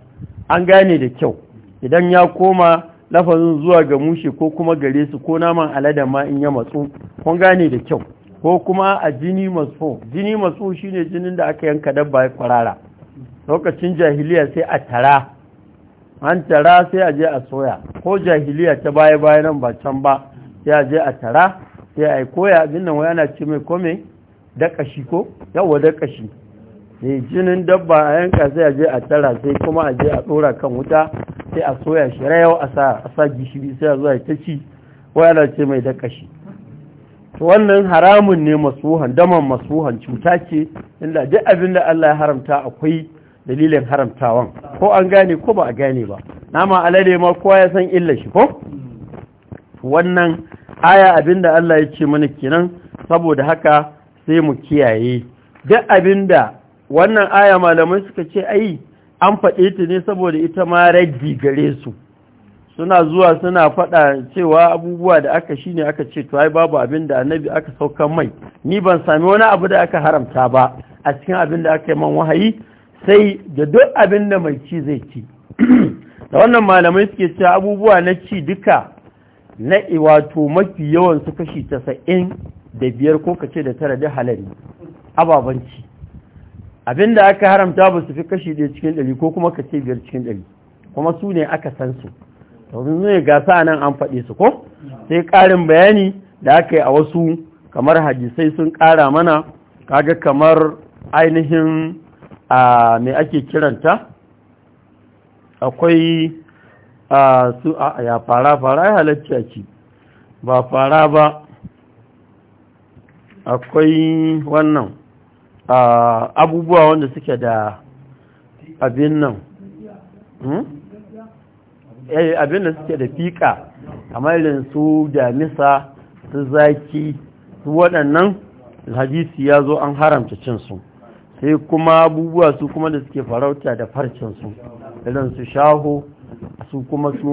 an gane da kyau idan ya koma lafazin zuwa ga mushe ko kuma gare su ko naman aladen ma in ya matsu kun gane da kyau ko kuma a jini matsu jini matsu shine jinin da aka yanka dabba ya kwarara lokacin jahiliya sai a tara an tara sai a je a soya ko jahiliya ta baya baya nan ba can ba sai a je a tara sai a yi koya abin nan wani ce mai kome dakashi ko yawa daƙashi ne jinin dabba a yanka sai a je a tara sai kuma a je a ɗora kan wuta sai a soya shi rayau a sa gishiri sai a zuwa ta ci wayana ce mai dakashi to wannan haramun ne masuhan daman masuhan cuta ce inda duk abin da Allah ya haramta akwai dalilin haramtawan ko an gane ko ba a gane ba nama alade ma kowa ya san illa shi ko wannan aya abinda Allah ya ce mana kenan saboda haka sai mu kiyaye duk abinda wannan aya malamai suka ce ai an faɗe ta ne saboda ita ma raddi gare su suna zuwa suna faɗa cewa abubuwa da aka shi ne aka ce to ai babu abinda annabi aka saukan mai ni ban sami wani abu da aka haramta ba a cikin abin da aka yi man wahayi sai da duk abin da mai ci zai ci da wannan malamai suke ce abubuwa na ci duka na iwato mafi yawan su kashi tasa'in da biyar ko kace da tara da halari ci abin da aka haramta ba su fi kashi ɗaya cikin ɗari ko kuma kace biyar cikin ɗari kuma su ne aka san su domin ne gasa nan an faɗe su ko sai ƙarin bayani da aka yi a wasu kamar hadisai sun ƙara mana kaga kamar ainihin a mai ake kiranta akwai a su a ya fara fara ya halatta ce ba fara ba akwai wannan abubuwa wanda suke da abin nan hmm? eh, abin da suke da fika kamar irin su damisa su zaki su waɗannan hadisi ya zo an haramta cinsu sai kuma abubuwa su kuma da suke farauta da farcinsu irin su shaho su kuma su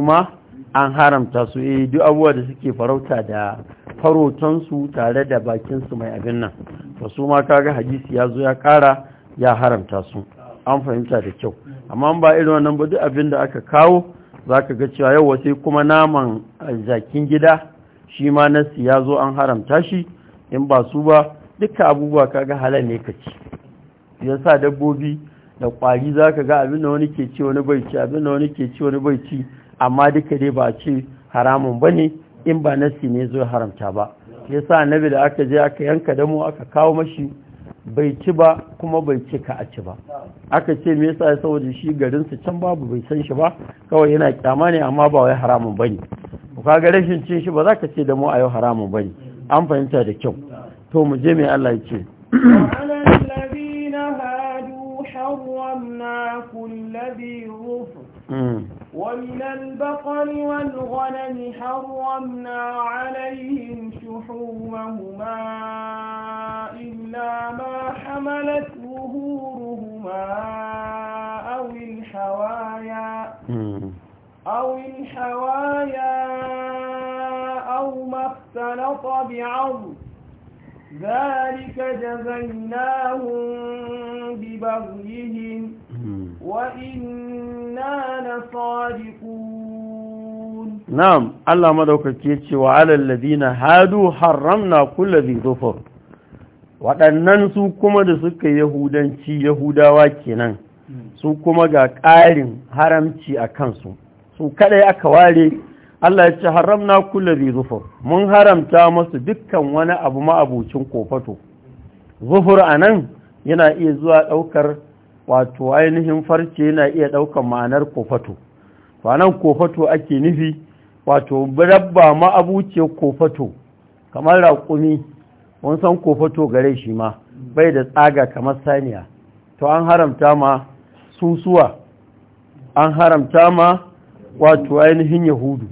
an haramta su yi eh, duk abubuwa da suke farauta da farotansu tare da bakinsu mai abin nan to su ma kaga hadisi ya zo ya kara ya haramta su an fahimta da kyau amma ba irin wannan ba duk abin da aka kawo za ka ga cewa yau sai kuma naman eh, jakin gida shi ma nasi ya zo an haramta shi in ba su ba duka abubuwa kaga halal ne ka ci ya sa dabbobi da ƙwari za ka ga abin da wani ke ci wani bai ci abin da wani ke ci wani bai ci amma duka dai ba a ce haramun ba ne in ba nasi ne zo haramta ba ya sa nabi da aka je aka yanka da mu aka kawo mashi bai ci ba kuma bai ci ka a ci ba aka ce me yasa ya saboda shi garinsa can babu bai san shi ba kawai yana kyama ne amma ba wai haramun ba ne ka ga rashin cin shi ba za ka ce da mu a yau haramun ba ne an fahimta da kyau to mu je mai Allah ya ce
حرمنا كل ذي ظفر ومن البقر والغنم حرمنا عليهم شحومهما إلا ما حملت ظهورهما أو الحوايا أو الحوايا أو ما اختلط بعرض ذلك جزيناهم ببغيهم وإنا لصادقون
نعم الله دوك كيتش وعلى الذين هادوا حرمنا كل ذي ظفر waɗannan su kuma da suka yahudanci yahudawa kenan su kuma ga ƙarin haramci a kansu su kaɗai aka ware Allah ya ce haramna kula zai zufur mun haramta masu dukkan wani abu ma'abucin kofato zufur a nan yana iya zuwa ɗaukar wato ainihin farce yana iya ɗaukar ma'anar kofato nan kofato ake nufi wato rabba ma'abuce kofato kamar raƙumi mun san kofato gare shi ma bai da tsaga kamar saniya to an haramta ma susuwa an haramta ma wato ainihin yahudu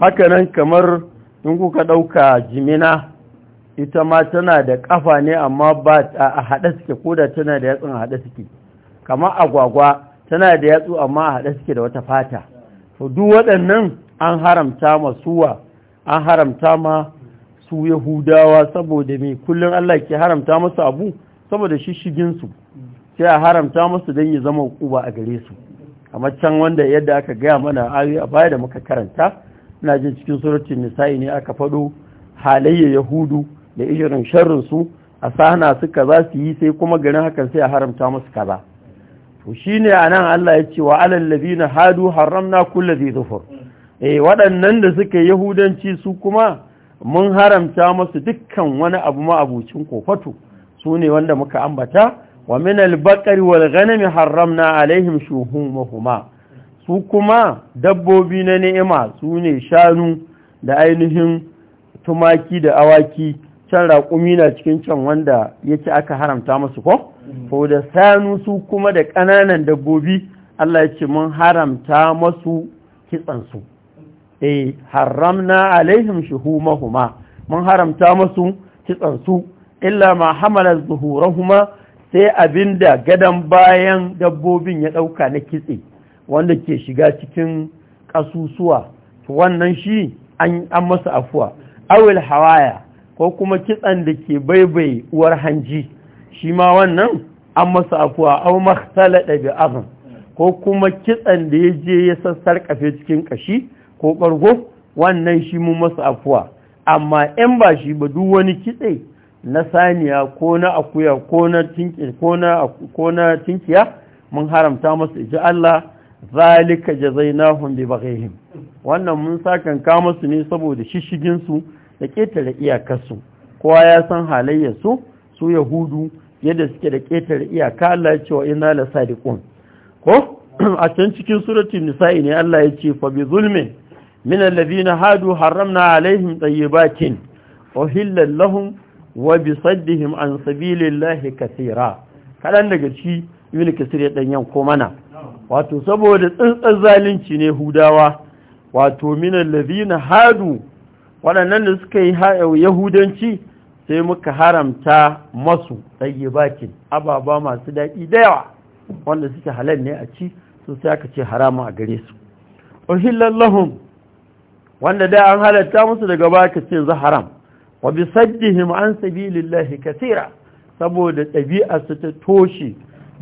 haka nan kamar in kuka ɗauka jimina ita ma tana da ƙafa ne amma ba a haɗe suke ko da tana da yatsun a haɗe suke kamar agwagwa tana da yatsu amma a haɗe suke da wata fata to duk waɗannan an haramta ma suwa an haramta ma su yahudawa saboda mai kullum Allah ke haramta masu abu saboda shishiginsu sai a haramta musu don ya zama hukuba a gare su kamar can wanda yadda aka gaya mana ayoyi a baya da muka karanta na jin cikin suratun nisa'i ne aka faɗo halayya yahudu da irin sharrinsu a sana suka za su yi sai kuma ganin hakan sai a haramta musu kaza to shine nan Allah ya ce wa alal na hadu na kula zai zufur eh waɗannan da suka yahudanci su kuma mun haramta musu dukkan wani abu ma abucin kofato su ne wanda muka ambata wa min al-baqari wal ghanami haramna alaihim shuhumahuma su kuma dabbobi na ni'ima su ne shanu da ainihin tumaki da awaki can raƙumi na cikin can wanda yake aka haramta masu ko? ko mm. da sanu su kuma da ƙananan dabbobi Allah ya ce mun haramta masu kitsansu eh haramna alaihim shuhumahuma mun haramta masu kitsansu illa ma hamala zuhurahuma sai abinda gadan bayan dabbobin ya ɗauka na kitse wanda ke shiga cikin ƙasusuwa wannan shi an masa afuwa awil hawaya ko kuma kitsan da ke baibai uwar hanji shi ma wannan an masa afuwa au makhtalada bi azm ko kuma kitsan da ya je ya kafe cikin kashi ko bargo wannan shi mu masa afuwa amma in ba shi ba duk wani kitse na saniya ko na akuya ko na tinki ko na tinkiya mun haramta masa ji Allah zalika jazainahum bi baghihim wannan mun sakan ka musu ne saboda shishigin su da ketare iyakar su kowa ya san halayyar su su yahudu yadda suke da ketare iyaka Allah ya ce wa inna la sadiqun ko a can cikin suratul nisa'i ne Allah ya ce fa bi zulmin min alladhina hadu haramna alaihim tayyibatin uhillat lahum wa bi saddihim an sabilillahi kaseera kadan daga ci ibn kasir ya dan ko mana wato saboda tsantsan zalunci ne hudawa wato minan lazina hadu waɗannan da suka yi yahudanci sai muka haramta masu tsaye bakin ababa masu daɗi da yawa wanda suke halal ne a ci su sai aka ce harama a gare su wanda da an halatta musu daga baka ce za haram wa bi saddihim an sabilillahi katira saboda su ta toshe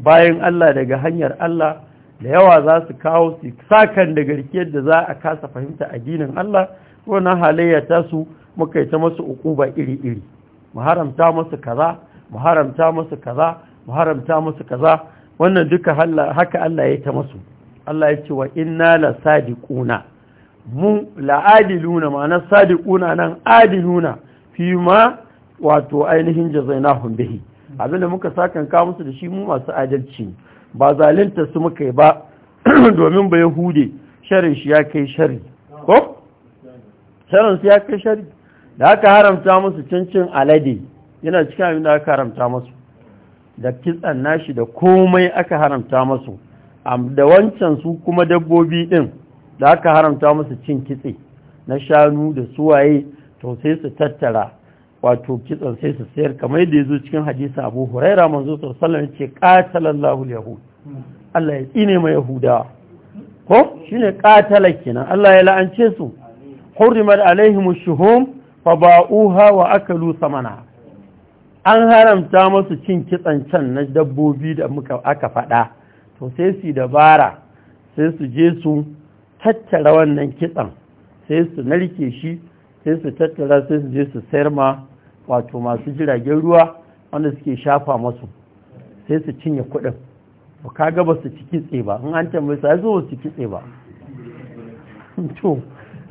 bayan Allah daga hanyar Allah da yawa za su kawo su sakan da garkiyar da za a kasa fahimta addinin Allah wannan halayya ta su muka ta masu ukuba iri-iri mu haramta masu kaza mu haramta masu kaza mu haramta masu kaza wannan duka haka Allah ya ta masu Allah ya ce wa inna la sadiquna mu la adiluna ma'ana sadiquna nan adiluna fi ma wato ainihin jazainahum bihi abinda muka sakan ka musu da shi mu masu adalci ba zalunta su muka yi ba [clears throat] domin ba hude sharin shi ya kai shari ko sharin su ya kai shari da aka haramta musu cincin alade yana cikin abin da aka haramta musu da kitsan nashi da komai aka haramta musu da wancan su kuma dabbobi din da aka haramta musu cin kitse na shanu da suwaye to sai su tattara wato kitsan sai su sayar kamar yadda ya zo cikin hadisa abu huraira manzo sallallahu alaihi ce qatalallahu yahud Allah ya tsine mai Yahuda. ko shine qatala kenan Allah ya la'ance su hurimat alaihim shuhum fa ba'uha wa akalu samana an haramta musu cin kitsan can na dabbobi da muka aka faɗa to sai su dabara sai su je su tattara wannan kitsan sai su narke shi sai su tattara sai su je su sayar ma wato masu jiragen ruwa wanda suke shafa masu sai su cinye kuɗin to kaga ba su ciki tse ba in an tambayi sai zo su kitse ba [laughs] to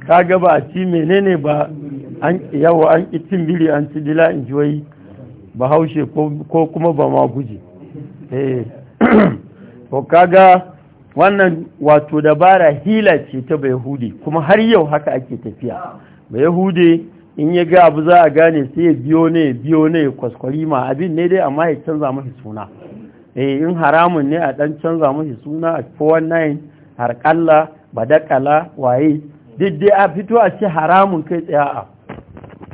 kaga ba a ci menene ba an yawo an kitin biri an ci dila in wai ba haushe ko kuma ba ma guje eh [clears throat] to kaga wannan wato dabara hila ce ta bai kuma har yau haka ake tafiya bai in ya ga abu za a gane sai ya biyo ne biyo ne kwaskwari ma abin ne dai amma ya canza mashi suna eh in haramun ne a dan canza mashi suna a 419 harƙalla badakala waye duk dai a fito a ce haramun kai tsaya a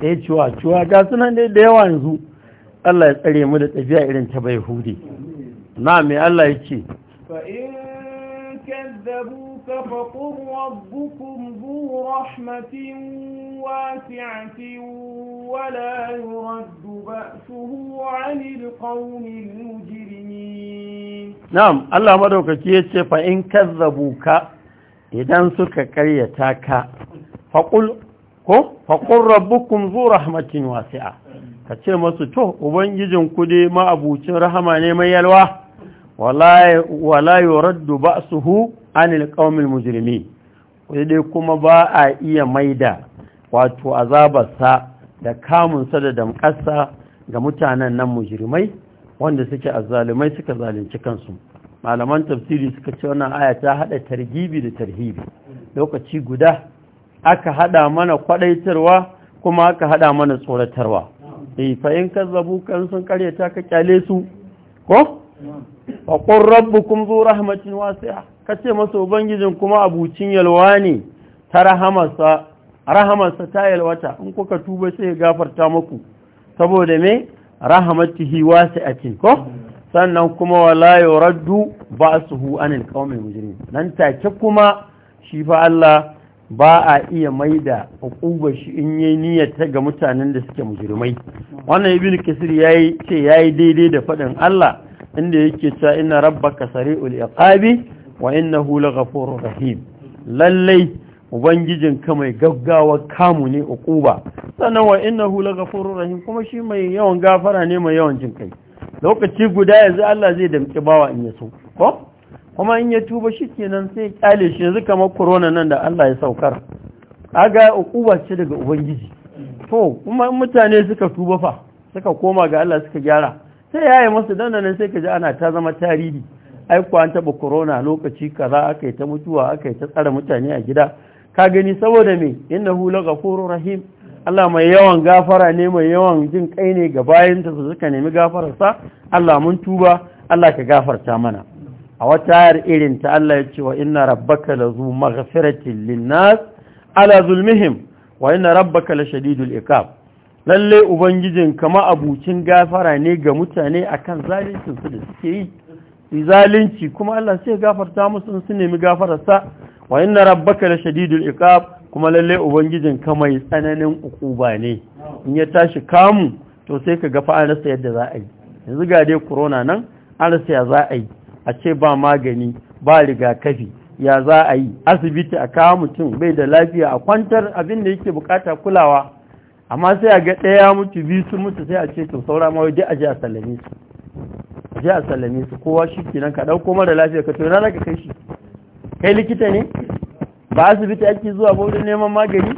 eh cuwa ciwa ga sunan dai da yawa yanzu Allah ya tsare mu da tafiya irin ta bai hude na me Allah ya ce
وصفكم ربكم ذو رحمة واسعة ولا يرد بأسه عن القوم المجرمين
نعم الله مدوك كيتش فإن كذبوك إذن سك كريتاك فقل faƙon rabbukun zo rahmatin wasi'a ka ce masu to ubangijin kudi ma'abucin rahama ne mai yalwa wala yoraddu ba su hu anil mujirimi mujrimi dai kuma ba a iya maida wato azabarsa da kamunsa da damƙarsa ga mutanen nan mujirimai wanda suke azzalumai suka zalunci kansu malaman tafsiri suka ce wannan aya ta haɗa targibi da tarhibi lokaci guda aka haɗa mana kwadaitarwa kuma aka haɗa mana tsoratarwa eh fa in kazzabu kan sun karyata ka kyale su ko wa Rabbu kun zo rahmatin wasi'a ka ce masa ubangijin kuma abucin yalwa ne ta rahamarsa ta yalwata in kuka tuba sai ya gafarta maku, saboda me a wasi'atin ko sannan kuma hu yuraddu ba'suhu anil qaumil mujrimin nan take kuma shi fa Allah ba a iya mai da hukubar shi in yi niyyata ga mutanen da suke mujirmai wannan kisir ya yi ce ya yi daidai da faɗin Allah inda yake cewa inna rabbaka sari'ul iqabi wa innahu laghafurur rahim lallai ubangijin ka mai gaggawa kamu ne uquba sannan wa innahu laghafurur rahim kuma shi mai yawan gafara ne mai yawan jin kai lokaci guda yanzu Allah zai damki bawa in ya so ko kuma in ya tuba shikenan sai kyale shi yanzu kamar corona nan da Allah ya saukar aga uquba ce daga ubangiji to kuma mutane suka tuba fa suka koma ga Allah suka gyara sai yayi masa dandanan sai ka ji ana ta zama tarihi ai ko an taba corona lokaci kaza aka yi ta mutuwa aka yi ta tsara mutane a gida ka gani saboda me hu laghafurur rahim Allah mai yawan gafara ne mai yawan jin kai ne ga bayan ta su suka nemi gafararsa Allah mun tuba Allah ka gafarta mana a wata ayar irin ta Allah ya ce wa inna rabbaka lazu maghfiratin linnas ala zulmihim wa inna rabbaka lashadidul iqab lalle ubangijin kama abucin gafara ne ga mutane akan zalincin su da suke yi zalunci kuma Allah sai gafarta musu in su nemi gafararsa wa inna rabbaka la shadidul iqab kuma lalle ubangijin ka mai tsananin ukuba ne in ya tashi kamu to sai ka ga an rasa yadda za a yi yanzu ga dai corona nan an rasa ya za a yi a ce ba magani ba rigakafi ya za a yi asibiti a kawo mutum bai da lafiya a kwantar abin da yake bukata kulawa amma sai a ga ɗaya mutu biyu sun mutu sai a ce to saura ma waje a je a sallame su je a sallame su kowa shi kenan ka ɗauko mara lafiya ka tona zaka kai shi kai likita ne ba asibiti ake zuwa ba wurin neman magani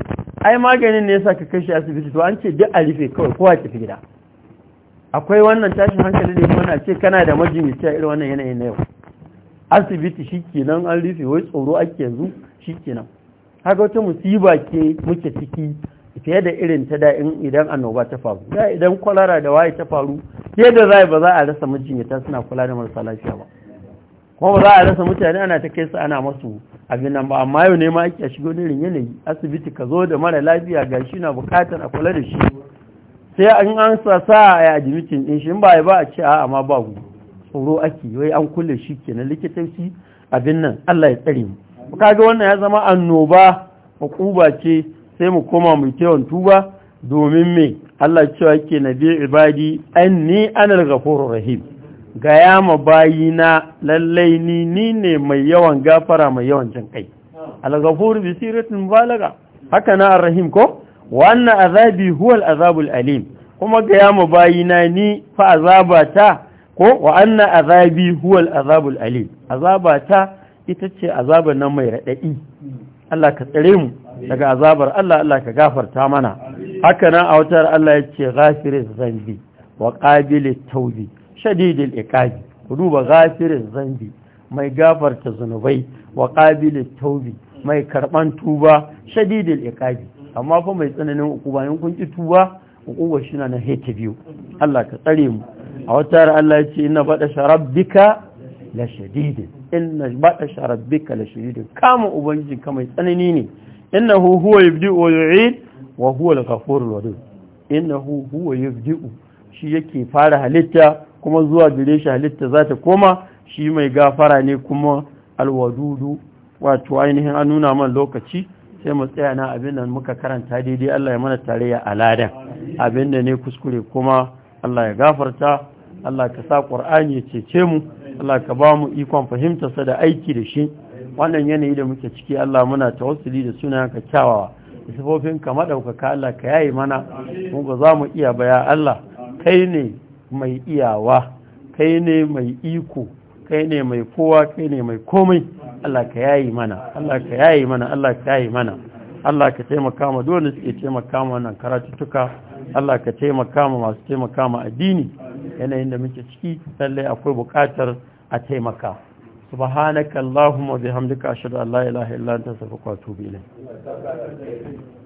ai maganin ne yasa ka kai shi asibiti to an ce duk a rufe kawai kowa tafi gida akwai wannan tashin hankali da na ce kana da a irin wannan yanayin na yau asibiti shi kenan an rufe wai tsoro ake yanzu shi kenan haka wata musiba ke muke ciki fiye da irin ta da idan annoba ta faru ya idan kwalara da waye ta faru fiye da zai ba za a rasa majinyata suna kula da marasa lafiya ba kuma ba za a rasa mutane ana ta kai su ana masu abin nan ba amma yau ne ma ake shigo irin yanayi asibiti ka zo da mara lafiya ga shi na bukatar a kula da shi sai an an sa sa a admitin din shi ba ba a ce a amma ba ku tsoro ake wai an kulle shi kenan likitanci abin nan Allah ya tsare mu kaga wannan ya zama annoba hukuba ce sai mu koma mu yawan tuba domin me Allah cewa yake nabi ibadi anni anal ghafurur rahim gaya ma bayina lallai ni ni ne mai yawan gafara mai yawan jin kai al-ghafur bi siratin balaga haka na arrahim rahim ko wannan azabi huwa al-azabul alim kuma gaya ma bayina ni fa azabata ko wa anna azabi huwa al-azabul alim azabata ita ce azaban nan mai radadi Allah ka tsare mu daga azabar Allah Allah ka gafarta mana haka nan a wutar Allah ya ce ghafirin zambi wa ƙabilin taubi shadidin iƙabi ku duba ghafirin zambi mai gafarta zunubai wa ƙabilin taubi mai karɓan tuba shadidin iƙabi amma fa mai tsananin ukuba bayan kun ki tuba ukuba shi na heta biyu Allah ka tsare mu a wutar Allah ya ce ina sharabbika la shadidin inna baɗa sharabbika la shadidin kama ubangiji ka mai tsanani ne innahu huwa yabdi'u wa yu'id wa huwa al-ghafurur rahim innahu huwa yabdi'u shi yake fara halitta kuma zuwa gare shi halitta za ta koma shi mai gafara ne kuma alwadudu wato ainihin an nuna man lokaci sai mu tsaya na abin da muka karanta daidai Allah ya mana tarayya a abin da ne kuskure kuma Allah ya gafarta Allah ka sa Qur'ani ya cece mu Allah ka ba mu ikon fahimtarsa da aiki da shi wannan yanayi da muke ciki Allah muna tawassuli da suna ka kyawawa da sifofin ka madaukaka Allah ka yayi mana mun za mu iya baya Allah kai ne mai iyawa kai ne mai iko kai ne mai kowa kai ne mai komai Allah ka yayi mana Allah ka yayi mana Allah ka yayi mana Allah ka taimaka ma dole suke taimaka ma wannan karatuttuka Allah ka taimaka ma masu taimaka ma addini yanayin da muke ciki lallai akwai buƙatar a taimaka subhanaka allahumma bihamdika ashhadu la ilaha illa anta astaghfiruka
wa